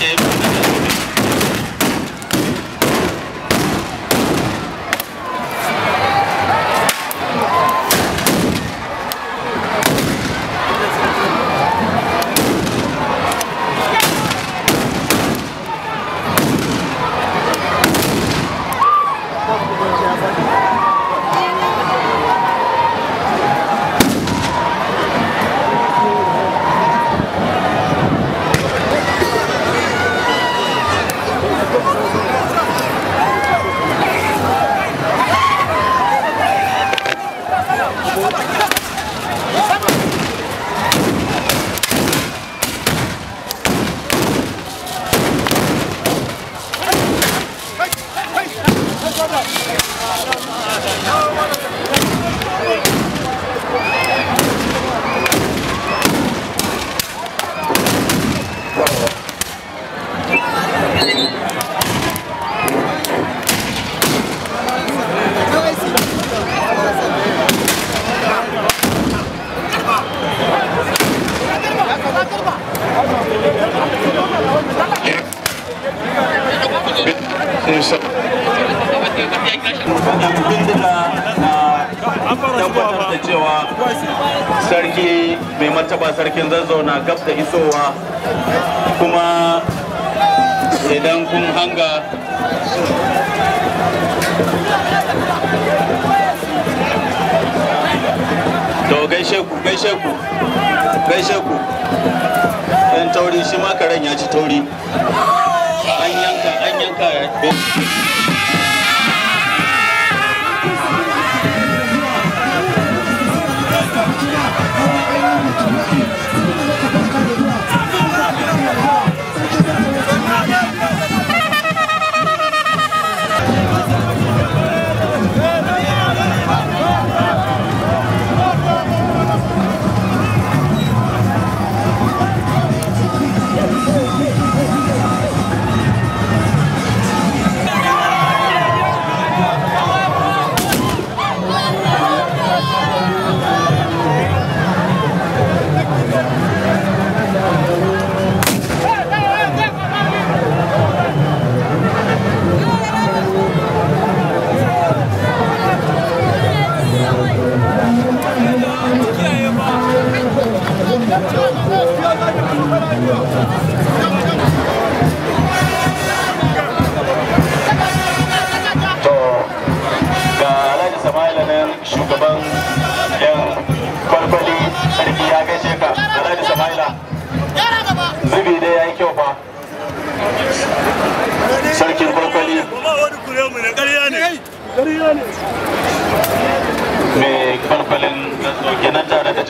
tempo. tabbatar da cewa sarki mai mataba sarkin zazzauna gab da isowa kuma idan kun hanga to gaishe ku gaishe ku gaishe ku yan tauri shi ma karen ya ci tauri an yanka kayak. shugaban yan kwalkwali sarki ya gaishe ka samaila zubi dai ya yi kyau fa sarkin kwalkwali kwalkwalin tare da